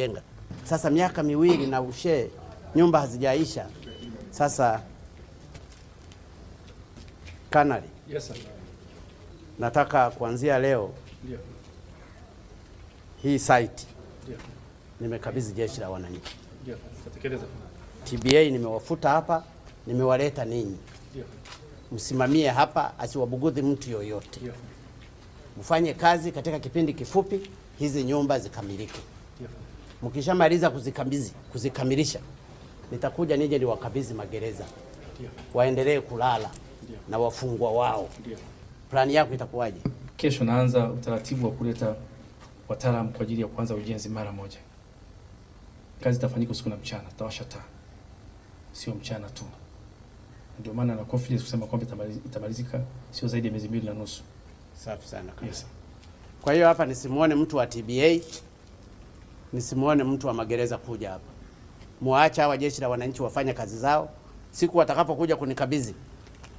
kujenga. Sasa miaka miwili na ushe nyumba hazijaisha. Sasa kanali, yes, sir. Nataka kuanzia leo yeah. Hii site yeah. Nimekabidhi jeshi la wananchi yeah. TBA nimewafuta hapa, nimewaleta ninyi yeah. Msimamie hapa, asiwabugudhi mtu yoyote yeah. Mfanye kazi katika kipindi kifupi, hizi nyumba zikamilike mkishamaliza kuzikambizi kuzikamilisha, nitakuja nije niwakabidhi magereza waendelee kulala na wafungwa wao. Plani yako itakuwaje? Kesho naanza utaratibu wa kuleta wataalamu kwa ajili ya kuanza ujenzi mara moja. Kazi itafanyika usiku na mchana, tawasha taa, sio mchana tu. Ndio maana na confidence kusema kwamba itamalizika sio zaidi ya miezi mbili na nusu. Safi sana kabisa. Yes. Kwa hiyo hapa nisimuone mtu wa TBA nisimuone mtu wa magereza kuja hapa. Muache hawa jeshi la wananchi wafanye kazi zao, siku watakapokuja kunikabidhi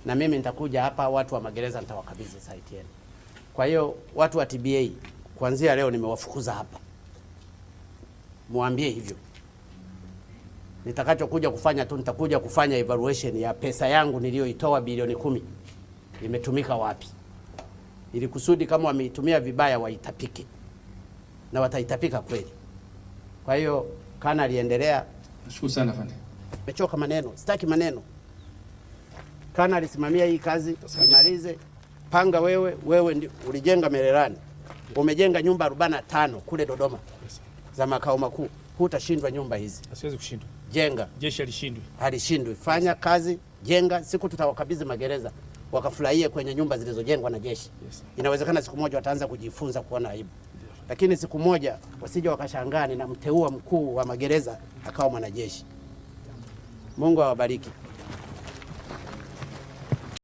na mimi nitakuja hapa, watu wa magereza nitawakabidhi site yenu. Kwa hiyo watu wa TBA kuanzia leo nimewafukuza hapa, muambie hivyo. Nitakachokuja kufanya tu nitakuja kufanya evaluation ya pesa yangu niliyoitoa bilioni kumi imetumika wapi, ili kusudi kama wameitumia vibaya waitapike, na wataitapika kweli. Kwa hiyo kana aliendelea. Nashukuru sana afande. Nimechoka maneno, sitaki maneno. Kana alisimamia hii kazi imalize. Panga wewe, wewe ndi, ulijenga Mererani, umejenga nyumba 45 kule Dodoma za makao makuu. Hutashindwa nyumba hizi, asiwezi kushindwa. Jenga, jeshi halishindwi, Alishindwe. Fanya kazi, jenga. Siku tutawakabidhi magereza wakafurahie kwenye nyumba zilizojengwa na jeshi. Inawezekana siku moja wataanza kujifunza kuona aibu lakini siku moja wasije wakashangaa ninamteua mkuu wa magereza akawa mwanajeshi. Mungu awabariki.